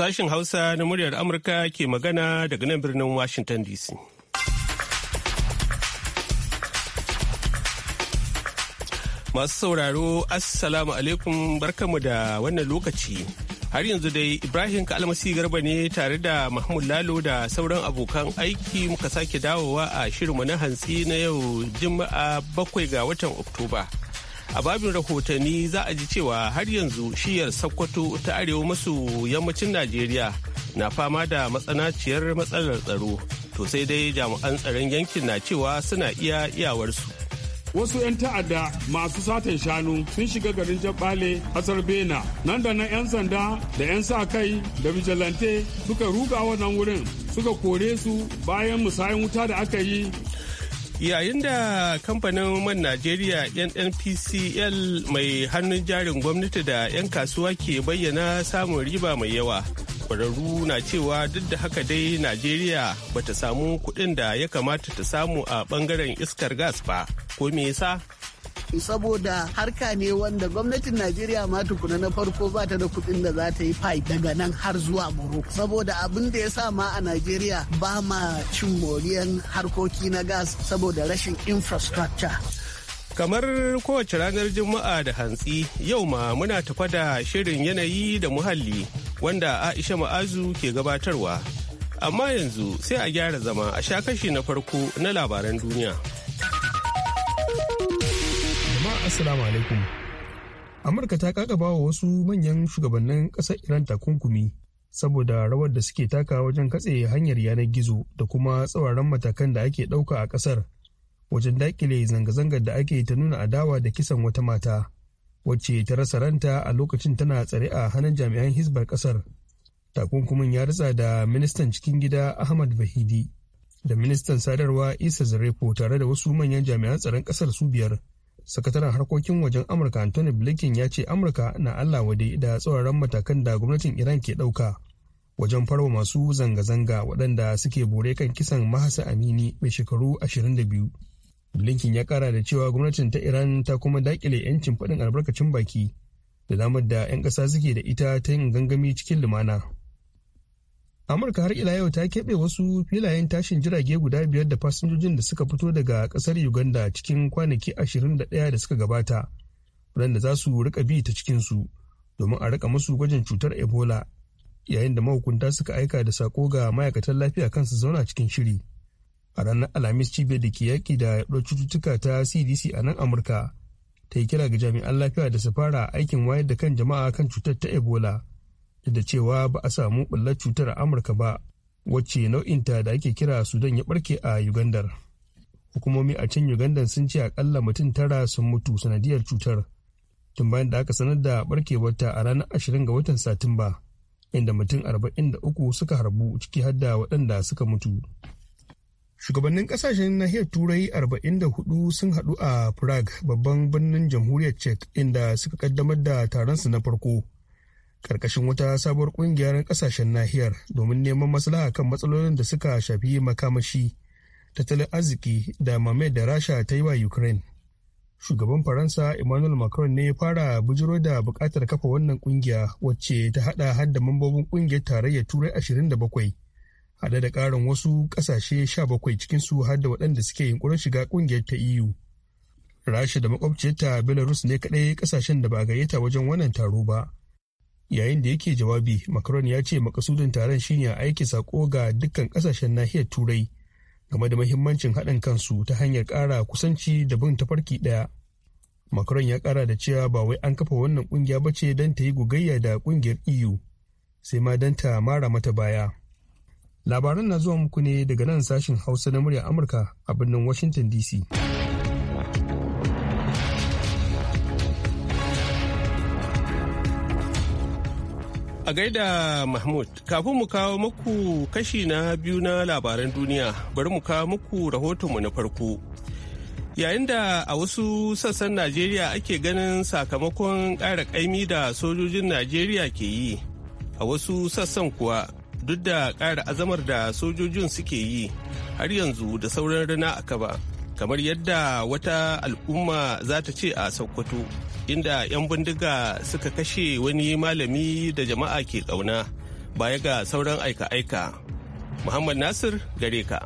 Sashen Hausa na muryar Amurka ke magana daga nan birnin Washington DC. Masu sauraro, Assalamu alaikum barkamu da wannan lokaci. Har yanzu dai Ibrahim Kalmasi Garba ne tare da Mahmud Lalo da sauran abokan aiki muka sake dawowa a shirinmu na hantsi na yau Juma'a bakwai ga watan Oktoba. a babin rahotanni za a ji cewa har yanzu shiyar sokoto ta arewa maso yammacin najeriya na fama da matsanaciyar matsalar tsaro to sai dai jami'an tsaron yankin na cewa suna iya iyawarsu wasu 'yan ta'adda masu satin shanu sun shiga garin jabale kasar bena nan da nan 'yan sanda da 'yan sa kai da vigilante suka ruga wannan wurin suka kore su bayan musayin wuta da aka yi yayin da kamfanin man najeriya nnpcl mai hannun jarin gwamnati da 'yan kasuwa ke bayyana samun riba mai yawa kwararru na cewa duk da haka dai najeriya bata samu kudin da ya kamata ta samu a bangaren iskar gas ba ko me yasa saboda harka ne wanda gwamnatin najeriya ma tukuna na farko ba ta da kuɗin da za ta yi fai daga nan har zuwa morocco saboda abin da ya sa ma a najeriya ba ma cin moriyan harkoki na gas saboda rashin infrastructure kamar kowace ranar juma'a da hantsi yau ma muna tafa da shirin yanayi da muhalli wanda aisha ma'azu ke gabatarwa amma yanzu sai a gyara zama a sha kashi na farko na labaran duniya Assalamu alaikum. Amurka ta kakaba wa wasu manyan shugabannin ƙasar Iran takunkumi saboda rawar da suke taka wajen katse hanyar yanar gizo da kuma tsawaran matakan da ake ɗauka a ƙasar wajen daƙile zanga-zangar da ake ta nuna adawa da kisan wata mata wacce ta rasa ranta a lokacin tana tsare a hannun jami'an hisbar ƙasar. Takunkumin ya ritsa da ministan cikin gida Ahmad Bahidi da ministan sadarwa Isa Zarepo tare da wasu manyan jami'an tsaron ƙasar su biyar. sakataren harkokin wajen amurka anthony blinken ya ce amurka na allah wade da tsoron matakan da gwamnatin iran ke ɗauka wajen farwa masu zanga-zanga waɗanda suke bore kan kisan mahasa amini mai shekaru 22 blinken ya kara da cewa gwamnatin ta iran ta kuma dakile 'yancin faɗin albarkacin baki da damar da 'yan ƙasa suke da ita ta yin gangami cikin lumana amurka har ila yau ta keɓe wasu filayen tashin jirage guda biyar da fasinjojin da suka fito daga ƙasar uganda cikin kwanaki ashirin da ɗaya da suka gabata waɗanda za su rika bi ta cikinsu domin a rika musu gwajin cutar ebola yayin da mahukunta suka aika da sako ga ma'aikatan lafiya kansu zauna cikin shiri a ranar alhamis cibiyar da ke yaƙi da yaɗuwar cututtuka ta cdc a nan amurka ta yi kira ga jami'an lafiya da su fara aikin wayar da kan jama'a kan cutar ta ebola da cewa ba a samu ɓullar cutar a amurka ba wacce nau'inta da ake kira sudan ya barke a ugandar hukumomi a can ugandan sun ce akalla mutum tara sun mutu sanadiyar cutar tun bayan da aka sanar da wata a ranar ashirin ga watan satumba inda mutum arba'in da uku suka harbu ciki hadda waɗanda suka mutu shugabannin kasashen nahiyar turai hudu sun hadu a prague babban birnin jamhuriyar czech inda suka kaddamar da taron su na farko karkashin wata sabuwar kungiyar kasashen nahiyar domin neman maslaha kan matsalolin da suka shafi makamashi tattalin arziki da mamayar da rasha ta yi wa ukraine shugaban faransa emmanuel macron ne ya fara bujiro da bukatar kafa wannan kungiya wacce ta hada hadda mambobin kungiyar tarayyar turai 27 hada da karin wasu kasashe 17 cikinsu har da waɗanda suke yunkurin shiga kungiyar ta eu rasha da makwabciyarta belarus ne kaɗai kasashen da ba a gayyata wajen wannan taro ba yayin da yake jawabi macron ya ce makasudin taron shine a aiki sako ga dukkan kasashen nahiyar turai game da mahimmancin haɗin kansu ta hanyar ƙara kusanci da bin tafarki ɗaya macron ya ƙara da cewa ba wai an kafa wannan ƙungiya ba ce don ta yi gugayya da ƙungiyar eu sai ma don ta mara mata baya labaran na zuwa muku ne daga nan sashin hausa na murya amurka a birnin washington dc A gaida Mahmud, kafin mu kawo muku kashi na biyu na labaran duniya, bari mu kawo muku rahotonmu na farko. Yayin da a wasu sassan Najeriya ake ganin sakamakon ƙara ƙaimi da sojojin Najeriya ke yi, a wasu sassan kuwa duk da ƙara azamar da sojojin suke yi har yanzu da sauran rana a kaba, kamar yadda wata al'umma za ta ce a Sokoto. inda 'yan bindiga suka kashe wani malami da jama'a ke kauna baya ga sauran aika-aika. Muhammad Nasir gare ka.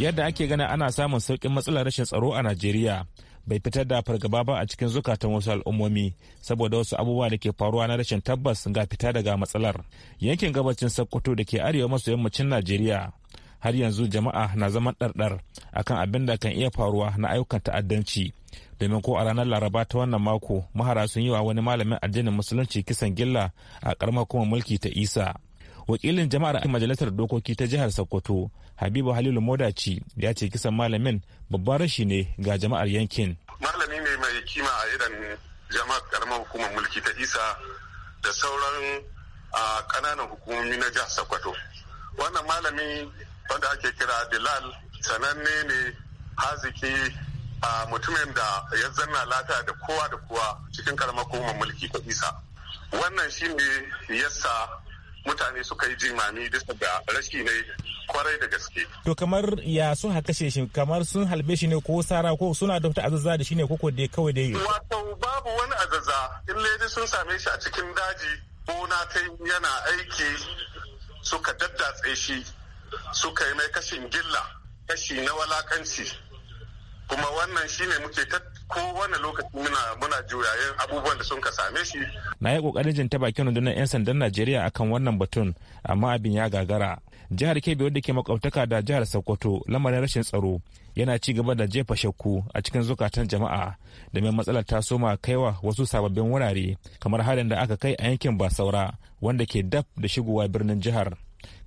Yadda ake gana ana samun sauƙin matsalar rashin tsaro a Najeriya bai fitar da fargaba ba a cikin zukatan wasu al'ummomi saboda wasu abubuwa da ke faruwa na rashin tabbas ga fita daga matsalar. Yankin gabacin Sokoto da ke arewa maso yammacin Najeriya har yanzu jama'a na zaman ɗarɗar akan abin da kan iya faruwa na ayyukan ta'addanci domin ko a ranar laraba ta wannan mako mahara sun yi wa wani malamin addinin musulunci kisan gilla a karamar kuma mulki ta isa wakilin jama'ar majalisar dokoki ta jihar sokoto habibu halilu modaci ya ce kisan malamin babban rashi ne ga jama'ar yankin malami ne mai kima a irin jama'ar karamar hukumar mulki ta isa da sauran a kananan hukumomi na jihar sokoto wannan malami wanda ake kira dilal sananne ne haziki A mutumin da ya zanna lata da kowa da kowa cikin karamar hukumar mulki ta isa wannan shi ne yasa mutane suka yi jimami bisa da rashi ne kwarai da gaske. To kamar ya sun kashe shi kamar sun halbe shi ne ko sara ko suna da wata azaza da shi ne koko da kawai da yi. Wato babu wani azaza in leji sun same shi a cikin daji gona ta yana aiki suka daddatse shi suka yi mai kashin gilla kashi na walakanci. kuma wannan shine muke ta kowane lokaci muna muna juyayen abubuwan da sun ka same shi na yi kokarin jin ta bakin rundunar yan sandan Najeriya akan wannan batun amma abin ya gagara jihar Kebbi wadda ke makwabtaka da jihar Sokoto lamarin rashin tsaro yana ci gaba da jefa shakku a cikin zukatan jama'a da mai matsalar ta soma kaiwa wasu sababbin wurare kamar harin da aka kai a yankin Basaura wanda ke daf da shigowa birnin jihar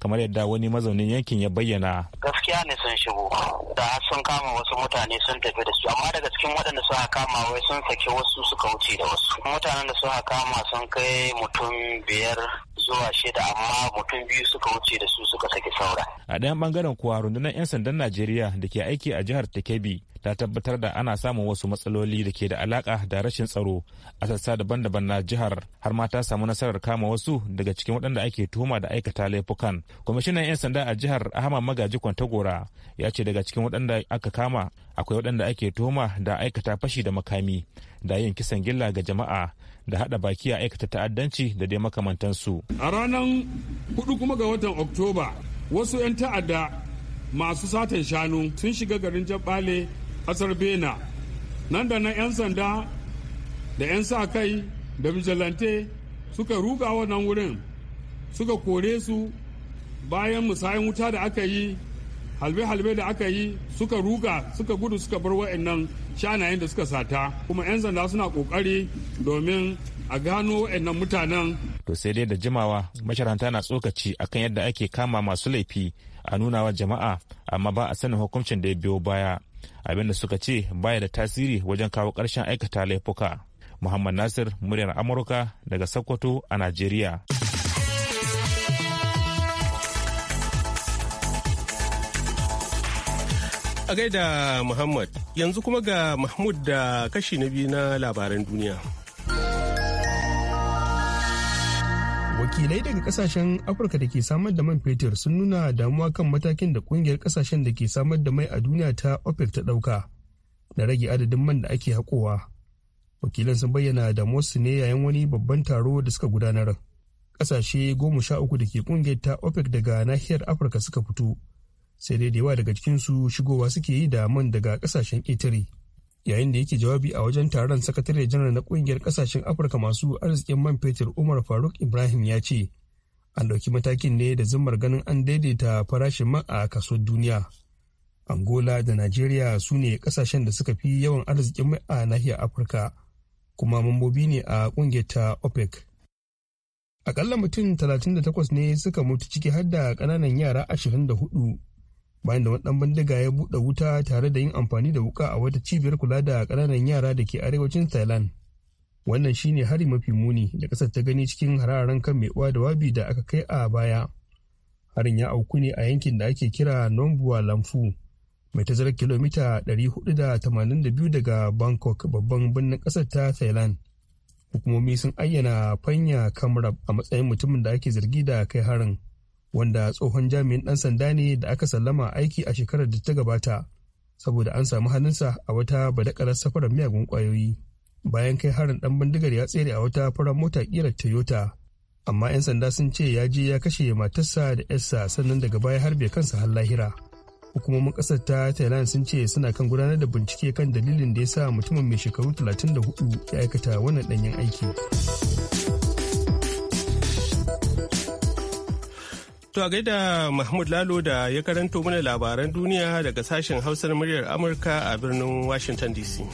kamar yadda wani mazaunin yankin ya bayyana. Gaskiya ne sun shigo da sun kama wasu mutane sun tafi da su amma daga cikin waɗanda suka kama wai sun saki wasu suka wuce da wasu. Mutanen da suka kama sun kai mutum biyar zuwa shida amma mutum biyu suka wuce da su suka saki saura. A ɗayan ɓangaren kuwa rundunar 'yan sandan Najeriya da ke aiki a jihar Takebi ta tabbatar da ana samun wasu matsaloli da ke da alaka da rashin tsaro a sassa daban-daban na jihar har ma ta samu nasarar kama wasu daga cikin waɗanda ake tuhuma da aikata laifukan kwamishinan 'yan sanda a jihar Ahama magaji kwantagora ya ce daga cikin waɗanda aka kama akwai waɗanda ake tuhuma da aikata fashi da makami da yin kisan gilla ga jama'a da haɗa baki a aikata ta'addanci da dai makamantansu. A ranar hudu kuma ga watan Oktoba, wasu 'yan ta'adda masu satan shanu sun shiga garin jabale. kasar bena nan da nan 'yan sanda da 'yan sa kai da mijalante suka ruga wannan wurin suka kore su bayan musayin wuta da aka yi halbe-halbe da aka yi suka ruga suka gudu suka bar wa'annan shanayen da suka sata kuma 'yan sanda suna kokari domin a gano wa'annan mutanen to sai dai da jimawa masharanta na tsokaci akan yadda ake kama masu laifi a nunawa jama'a amma ba a sanin hukuncin da ya biyo baya abin da suka ce baya da tasiri wajen kawo ƙarshen aikata laifuka muhammad nasir muryar amurka daga sokoto a najeriya a gaida Muhammad yanzu kuma ga Mahmud da kashi na biyu na labaran duniya. wakilai daga kasashen afirka da ke samar da man fetur sun nuna damuwa kan matakin da kungiyar kasashen da ke samar da mai a duniya ta opec ta dauka da rage adadin man da ake haƙowa wakilan sun bayyana su ne yayin wani babban taro da suka gudanar kasashe goma sha uku da ke kungiyar ta opec daga nahiyar afirka suka fito sai dai da yawa daga cikinsu shigowa suke yi da man daga kasashen itali. yayin da yake jawabi a wajen taron sakatare janar na kungiyar kasashen afirka masu arzikin man fetur umar faruk ibrahim ya ce an ɗauki matakin ne da zumar ganin an daidaita farashin man a kasuwar duniya angola da najeriya su ne kasashen da suka fi yawan arzikin mai a nahiyar afirka kuma mambobi ne a kungiyar ta opec akalla mutum 38 ne suka mutu ciki har da ƙananan yara 24 bayan da wani dan bindiga ya bude wuta tare da yin amfani da wuka a wata cibiyar kula da ƙananan yara da ke arewacin thailand wannan shine hari mafi muni da ƙasar ta gani cikin hararen kan mai uwa da wabi da aka kai a baya harin ya auku ne a yankin da ake kira nombua lamfu mai tazarar kilomita 482 daga bangkok babban birnin ƙasar ta thailand hukumomi sun ayyana fanya kamrab a matsayin mutumin da ake zargi da kai harin wanda tsohon jami'in ɗan sanda ne da aka sallama aiki a shekarar da ta gabata saboda an samu hannunsa a wata badakarar safarar miyagun kwayoyi bayan kai harin ɗan bindigar ya tsere a wata farar mota ƙirar toyota amma 'yan sanda sun ce ya je ya kashe matarsa da yarsa sannan daga baya har bai kansa har lahira hukumomin ƙasar ta thailand sun ce suna kan gudanar da bincike kan dalilin da ya sa mutumin mai shekaru 34 ya aikata wannan ɗanyen aiki. To a gaida Mahmud Lalo da ya karanto mana labaran duniya daga sashen Hausar muryar Amurka a birnin Washington DC.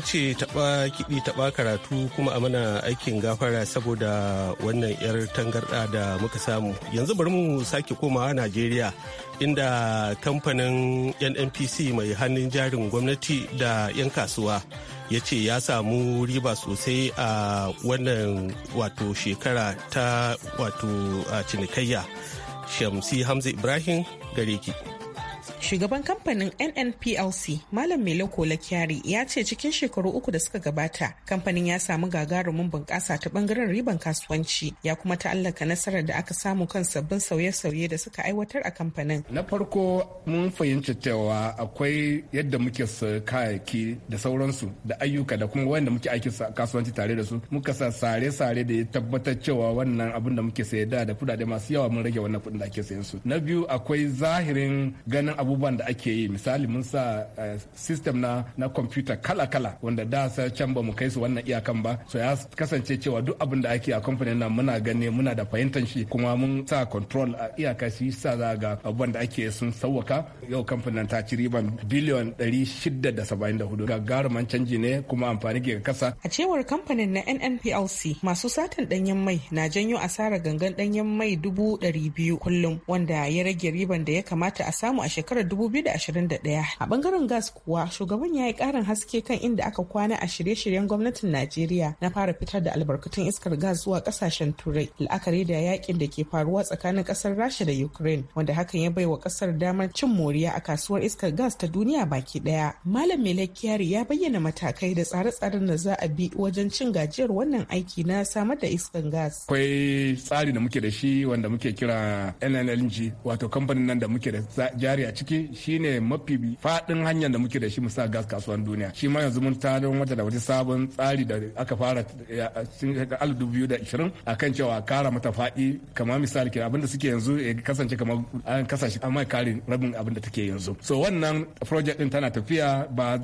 an ce taba kiɗi taba karatu kuma a mana aikin gafara saboda wannan 'yar tangarɗa da muka samu yanzu bari mu sake komawa najeriya inda kamfanin nnpc mai hannun jarin gwamnati da 'yan kasuwa ya ce ya samu riba sosai a wannan wato shekara ta wato cinikayya shamsi hamza ibrahim gare ki. Shugaban kamfanin NNPLC Malam Mele Kola Kyari ya ce cikin shekaru uku da suka gabata kamfanin ya samu gagarumin bunƙasa ta bangaren riban kasuwanci ya kuma ta'allaka nasarar da aka samu kan sabbin sauye-sauye da suka aiwatar a kamfanin. Na farko mun fahimci cewa akwai yadda muke kayayyaki da sauransu da ayyuka da kuma wanda muke aiki kasuwanci tare da su muka sa sare-sare da ya tabbatar cewa wannan abin da muke sayar da kudade masu yawa mun rage wannan kudin da ake sayan su. Na biyu akwai zahirin ganin abu abubuwan da ake yi misali mun sa eh, system na na computer kala-kala wanda da sa can ba mu kai su wannan iyakan ba so ya kasance cewa duk abin da ake a kamfanin nan muna gane muna da fahimtar shi kuma mun sa control a iyaka shi sa za ga abubuwan da ake sun sauwaka yau kamfanin ta ci riban biliyon 674 gagaruman canji ne kuma amfani ga kasa a cewar kamfanin na nnplc masu satan danyen mai na janyo asara gangan danyen mai dubu kullum wanda ya rage riban da ya kamata a samu a shekarar shekarar 2021 a bangaren gas kuwa shugaban ya yi karin haske kan inda aka kwana a shirye-shiryen gwamnatin najeriya na fara fitar da albarkatun iskar gas zuwa kasashen turai la'akari da yakin da ke faruwa tsakanin kasar rasha da ukraine wanda hakan ya bai wa kasar damar cin moriya a kasuwar iskar gas ta duniya baki daya malam melekiyari ya bayyana matakai da tsare-tsaren da za a bi wajen cin gajiyar wannan aiki na samar da iskar gas akwai tsari da muke da shi wanda muke kira NNLG wato kamfanin nan da muke da jari a ciki ciki shine mafi faɗin hanyar da muke da shi musa gas kasuwan duniya shi ma yanzu mun tarin wata da wani sabon tsari da aka fara alif dubu biyu a cewa kara mata faɗi kamar misali kenan abinda suke yanzu ya kasance kamar an kasashe mai karin rabin abinda take yanzu so wannan project din tana tafiya ba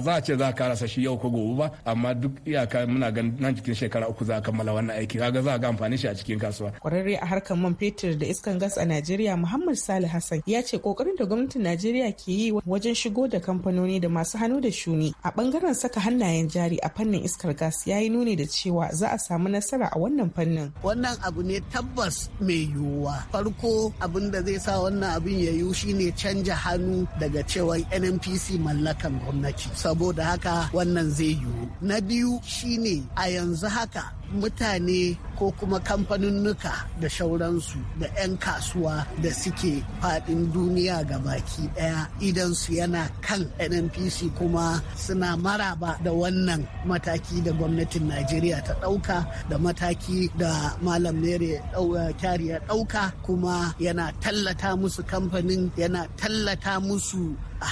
za a ce za a sa shi yau ko gobe ba amma duk iyaka muna ganin nan cikin shekara uku za a kammala wannan aiki kaga za a ga amfani shi a cikin kasuwa kwararre a harkar man fetur da iskan gas a Najeriya Muhammad Salih Hassan ya ce kokarin da gwamnati gwamnatin Najeriya ke yi wajen shigo da kamfanoni da masu hannu da shuni a bangaren saka hannayen jari a fannin iskar gas ya yi nuni da cewa za a samu nasara a wannan fannin. Wannan abu ne tabbas mai yiwuwa. Farko abin da zai sa wannan abin ya yiwu ne canja hannu daga cewar NNPC mallakan gwamnati. Saboda haka wannan zai yiwu. Na biyu shi ne a yanzu haka mutane ko kuma kamfanunnuka da shauransu da 'yan kasuwa da suke faɗin duniya gaba baki daya su yana kan nnpc kuma suna maraba da wannan mataki da gwamnatin najeriya ta dauka da mataki da malam mere eh, kyari ya dauka kuma yana tallata musu kamfanin yana tallata musu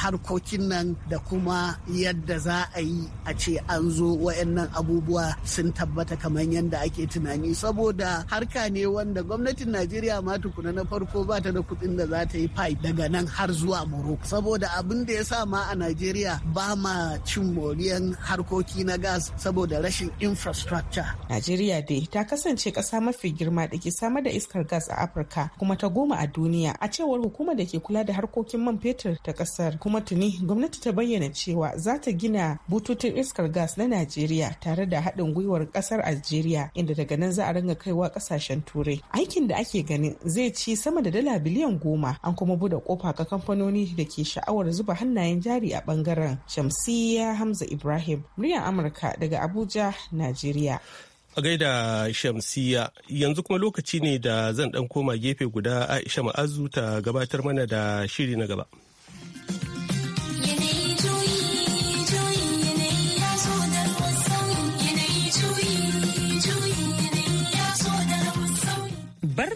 harkokin nan da kuma yadda za a yi a ce an zo wayannan abubuwa sun tabbata kamar yadda ake tunani saboda harka ne wanda gwamnatin najeriya ma tukuna na farko ba ta da kudin da za ta yi fai daga nan har zuwa Morocco saboda abin da ya sa ma a Najeriya ba ma cin moriyan harkoki na gas saboda rashin infrastructure. Najeriya dai ta kasance ƙasa mafi girma da ke samar da iskar gas a Afirka kuma ta goma a duniya a cewar hukumar da ke kula da harkokin man fetur ta ƙasar kuma tuni gwamnati ta bayyana cewa za ta gina bututun iskar gas na Najeriya tare da haɗin gwiwar ƙasar Algeria inda daga nan za a ringa kaiwa ƙasashen Turai. Aikin da ake ganin zai ci sama da dala biliyan goma an kuma buɗe kofa ga kamfanoni da ke sha'awar zuba hannayen jari a bangaren shamsiya hamza ibrahim muryar amurka daga abuja najeriya a gaida shamsiya yanzu kuma lokaci ne da zan dan koma gefe guda aisha ma'azu ta gabatar mana da shiri na gaba.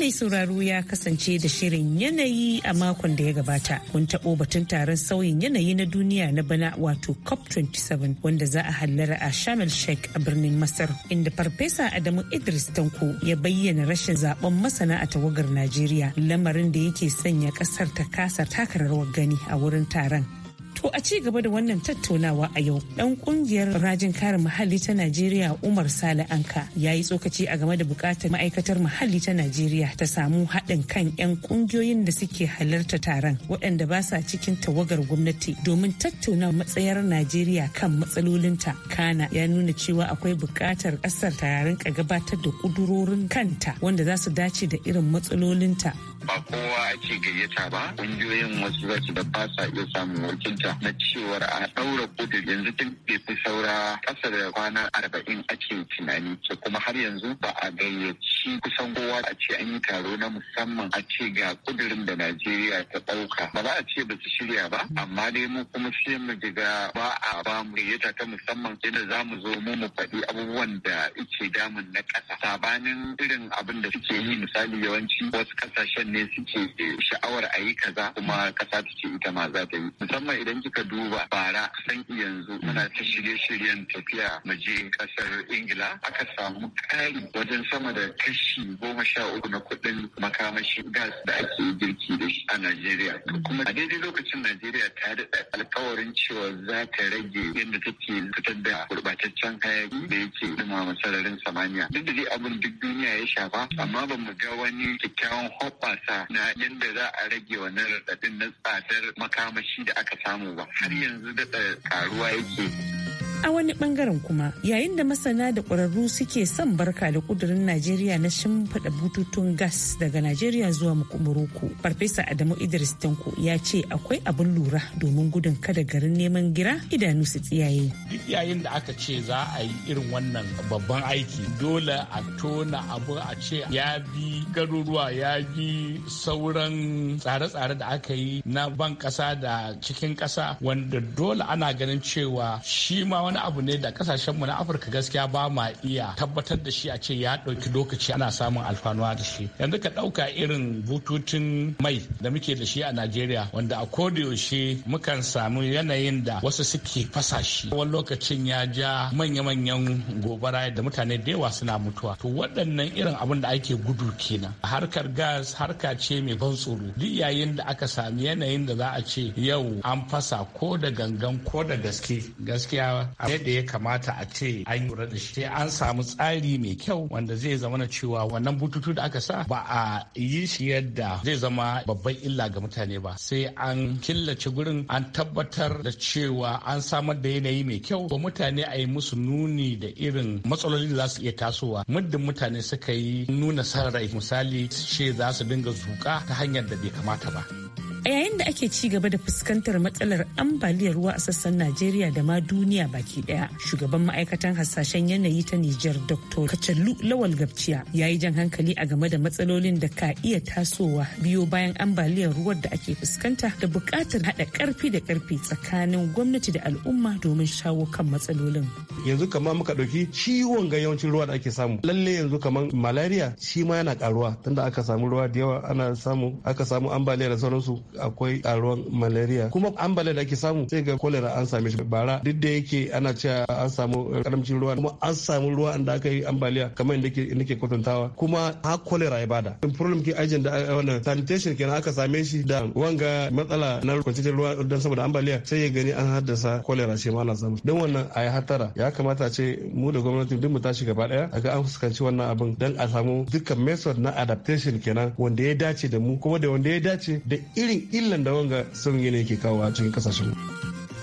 mai sauraro ya kasance da shirin yanayi a makon da ya gabata mun taɓo batun taron sauyin yanayi na duniya na bana wato cop 27 wanda za a hallara a shamil sheikh a birnin masar inda farfesa adamu idris tanko ya bayyana rashin zaben masana a tawagar najeriya lamarin da yake sanya ƙasar ta kasa taka gani a wurin taron To a ci gaba da wannan tattaunawa a yau Ɗan ƙungiyar rajin kare muhalli ta Najeriya Umar Sale Anka ya yi tsokaci a game da bukatar ma'aikatar muhalli ta Najeriya ta samu haɗin kan 'yan ƙungiyoyin da suke halarta taron waɗanda ba sa cikin tawagar gwamnati domin tattauna matsayar Najeriya kan matsalolinta. Kana ya nuna cewa akwai buƙatar ƙasar ta rinka gabatar da ƙudurorin kanta wanda za su dace da irin matsalolinta ba kowa ake gayyata ba ƙungiyoyin wasu za su da ba sa iya samun wakilta na cewar a ɗaura kudu yanzu tun fi saura ƙasa da kwana arba'in ake tunani ce. kuma har yanzu ba a gayyaci kusan kowa a ce an yi taro na musamman a ce ga kudurin da Najeriya ta ɗauka ba za a ce ba su shirya ba amma dai mu kuma sai mu jiga ba a ba mu gayyata ta musamman yadda za mu zo mu mu faɗi abubuwan da ke damun na ƙasa sabanin irin abin da suke yi misali yawanci wasu ƙasashen ne suke sha'awar a yi kaza kuma kasa ta ce ita ma za ta yi musamman idan kika duba bara san yanzu muna ta shirye-shiryen tafiya maje ƙasar ingila aka samu kari wajen sama da kashi goma sha uku na kudin makamashin gas da ake girki da shi a najeriya kuma a daidai lokacin najeriya ta daɗa alkawarin cewa za ta rage yadda take fitar da gurɓataccen hayaki da yake dumama sararin samaniya duk da dai abin duk duniya ya shafa amma ba mu ga wani kyakkyawan hoppa siyasa na yadda za a rage wannan raɗaɗin na tsadar makamashi da aka samu ba har yanzu da karuwa yake. A wani ɓangaren kuma yayin da masana da ƙwararru suke son barka da ƙudurin Najeriya na shimfiɗa bututun gas daga Najeriya zuwa Morocco. Farfesa Adamu Idris Tanko ya ce akwai abin lura domin gudun kada garin neman gira idanu su tsiyaye. yayin da aka ce za a yi irin wannan babban aiki dole a tona abu a ce ya bi garuruwa ya bi sauran tsare-tsare da aka yi na ban kasa da cikin kasa wanda dole ana ganin cewa shi ma wani abu ne da kasashenmu na afirka gaskiya ba ma iya tabbatar da shi a ce ya ɗauki lokaci ana samun alfanuwa da shi yanzu ka ɗauka irin bututun mai da muke da shi a najeriya wanda a kodayaushe mukan samu yanayin da wasu suke fasa shi wani lokaci lokacin ya ja manya-manyan gobara da mutane da yawa suna mutuwa to waɗannan irin abin da ake gudu kenan harkar gas harka ce mai ban tsoro duk yayin da aka sami yanayin da za a ce yau an fasa ko da gangan ko da gaske gaskiya yadda ya kamata a ce an yi da shi an samu tsari mai kyau wanda zai zama na cewa wannan bututu da aka sa ba a yi shi yadda zai zama babban illa ga mutane ba sai an killace gurin an tabbatar da cewa an samar da yanayi mai kyau kyau wa mutane a yi musu nuni da irin matsaloli da za su iya tasowa muddin mutane suka yi nuna sarari misali ce za su dinga zuka ta hanyar da bai kamata ba a yayin da ake ci gaba da fuskantar matsalar ambaliyar ruwa a sassan najeriya da ma duniya baki daya shugaban ma'aikatan hasashen yanayi ta nijar dr kacallu lawal gabciya ya yi jan hankali a game da matsalolin da ka iya tasowa biyo bayan ambaliyar ruwan da ake fuskanta da buƙatar haɗa ƙarfi da ƙarfi tsakanin gwamnati da al'umma domin shawo kan matsalolin yanzu kamar muka ɗauki ciwon ga yawancin ruwa da ake samu lalle yanzu kamar malaria shi ma yana ƙaruwa tunda aka samu ruwa da yawa ana samu aka samu ambaliyar da sauransu akwai karuwan malaria kuma ambaliya da ake samu sai ga kolera an same shi bara duk da yake ana cewa an samu karamcin ruwa kuma an samu ruwa da aka yi ambaliya kamar inda nake kwatantawa kuma ha kolera ya bada problem ke ajin da eh, wannan sanitation kenan aka same shi da wanga matsala na kwanciyar ruwa don saboda ambaliya sai ya gani an haddasa kolera shi ma ana samu don wannan a yi hatara ya kamata ce mu da gwamnati duk mu tashi gaba daya a ga an fuskanci wannan abin don a samu dukkan method na adaptation kenan wanda ya dace da mu kuma da wanda ya dace da irin illan da wanga sauyin yanayi ke kawo a cikin kasashen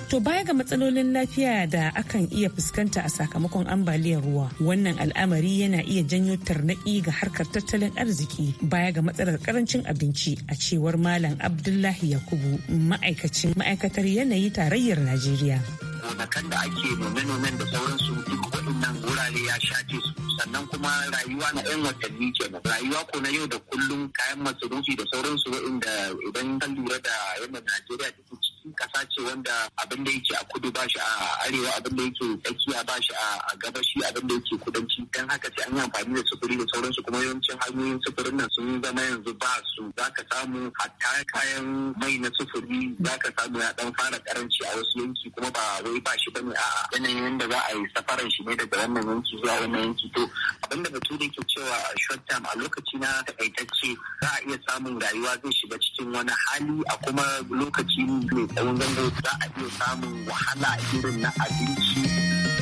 To baya ga matsalolin lafiya da akan iya fuskanta a sakamakon ambaliyar ruwa, wannan al'amari yana iya janyo tarnaki ga harkar tattalin arziki baya ga matsalar karancin abinci a cewar Malam Abdullahi Yakubu ma'aikacin ma'aikatar yanayi tarayyar Najeriya. gonakan da ake nome-nomen da sauransu duk waɗannan wurare ya su sannan kuma rayuwa na 'yan watanni kenan rayuwa ko na yau da kullum kayan masarufi da sauransu waɗanda idan ka lura da yadda Najeriya da ciki cikin kasa ce wanda abin da yake a kudu ba shi a arewa abin da yake tsakiya ba shi a gabashi abin da yake kudanci dan haka sai an yi amfani da sufuri da sauransu kuma yawancin hanyoyin sufurin nan sun zama yanzu ba su za ka samu hatta kayan mai na sufuri za ka samu ya dan fara karanci a wasu yanki kuma ba wai ba shi bane a'a yanayin yadda za a yi safaran shi ne daga wannan yanki zuwa wannan yanki to abin da batu da ke cewa a short term a lokaci na takaitacce za a iya samun rayuwa zai shiga cikin wani hali a kuma lokaci ne wahala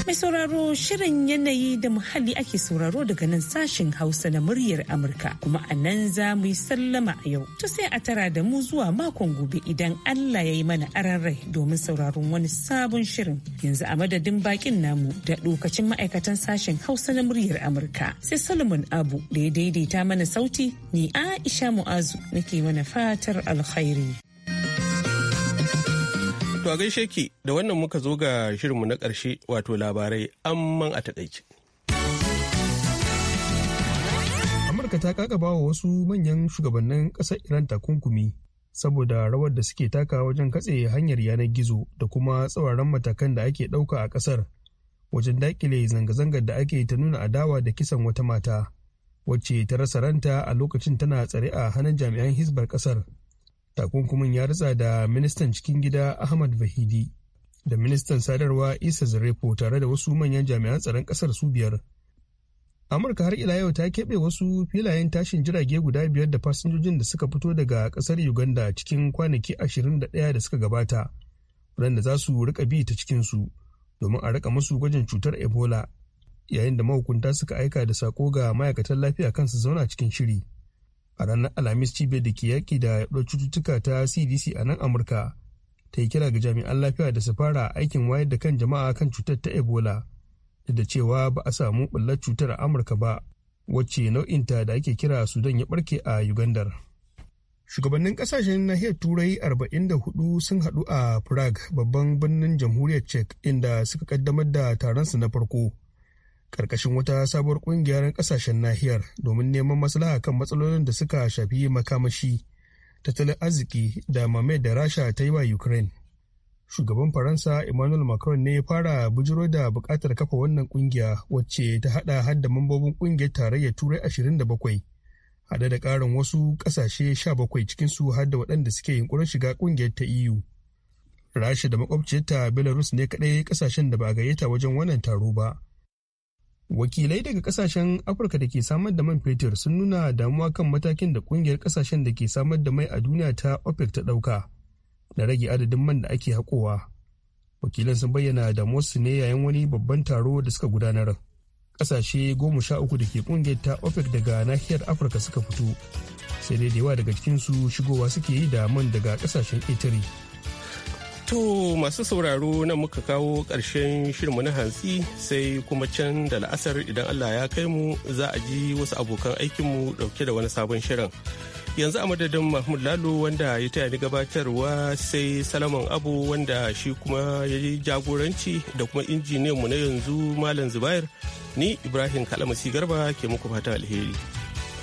mai sauraro shirin yanayi da muhalli ake sauraro daga nan sashen hausa na muryar amurka kuma a nan za mu yi sallama a yau to sai a tara da mu zuwa makon gobe idan allah ya yi mana aran domin sauraron wani sabon shirin yanzu a madadin bakin namu da lokacin ma'aikatan sashen hausa na muryar amurka sai solomon abu da ya daidaita mana sauti ni aisha mu'azu nake mana fatar alkhairi To a gaishe ki da wannan muka zo ga shirinmu na ƙarshe wato labarai amman a taƙaice. Amurka ta kakaba wa wasu manyan shugabannin ƙasar Iran takunkumi saboda rawar da suke taka wajen katse hanyar yanar gizo da kuma tsawaran matakan da ake ɗauka a ƙasar wajen daƙile zanga-zangar da ake ta nuna adawa da kisan wata mata wacce ta rasa ranta a lokacin tana tsare a hannun jami'an hizbar ƙasar. takunkumin ya ritsa da ministan cikin gida ahmad bahidi da ministan sadarwa isa zarepo tare da wasu manyan jami'an tsaron kasar su biyar amurka har ila yau ta keɓe wasu filayen tashin jirage guda biyar da fasinjojin da suka fito daga kasar uganda cikin kwanaki ashirin da ɗaya da suka gabata waɗanda za su rika bi ta cikinsu domin a rika musu gwajin cutar ebola yayin da mahukunta suka aika da sako ga ma'aikatan lafiya kansu zauna cikin shiri a ranar alhamis cibiyar da ke yaƙi da yaɗuwar cututtuka ta cdc a nan amurka ta yi kira ga jami'an lafiya da su fara aikin wayar da kan jama'a kan cutar ta ebola da cewa ba a samu ɓullar cutar a amurka ba wacce nau'inta da ake kira sudan ya barke a ugandar shugabannin kasashen nahiyar turai arba'in da 44 sun haɗu a prague babban birnin jamhuriyar czech inda suka kaddamar da taron su na farko ƙarƙashin wata sabuwar ƙungiyar ƙasashen nahiyar domin neman maslaha kan matsalolin da suka shafi makamashi tattalin arziki da mamayar da rasha ta yi wa ukraine shugaban faransa emmanuel macron ne ya fara bujiro da buƙatar kafa wannan ƙungiya wacce ta haɗa hadda mambobin ƙungiyar tarayyar turai ashirin da bakwai haɗe da ƙarin wasu ƙasashe 17 cikinsu har da waɗanda suke yunkurin shiga ƙungiyar ta eu rasha da makwabciyarta belarus ne kaɗai ƙasashen da ba a gayyata wajen wannan taro ba wakilai daga kasashen afirka da ke samar da man fetur sun nuna damuwa kan matakin da kungiyar kasashen da ke samar da mai a duniya ta opec ta dauka da rage adadin man da ake haƙowa wakilan sun bayyana da damuwarsu ne yayin wani babban taro da suka gudanar kasashe goma sha uku da ke kungiyar ta opec daga nahiyar afirka suka fito sai dai da yawa daga cikinsu shigowa suke yi da man daga kasashen italy To masu sauraro nan muka kawo ƙarshen shirinmu na hantsi sai kuma can da la'asar idan Allah ya kai mu za a ji wasu abokan aikinmu ɗauke da wani sabon shirin. Yanzu a madadin Mahmud Lalo wanda ya taya ni gabatarwa sai Salaman Abu wanda shi kuma ya yi jagoranci da kuma mu na yanzu Malam Zubair ni Ibrahim Kalamasi Garba ke muku fata alheri.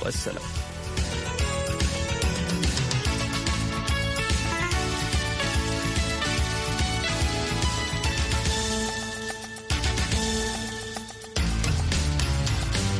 Wassalam.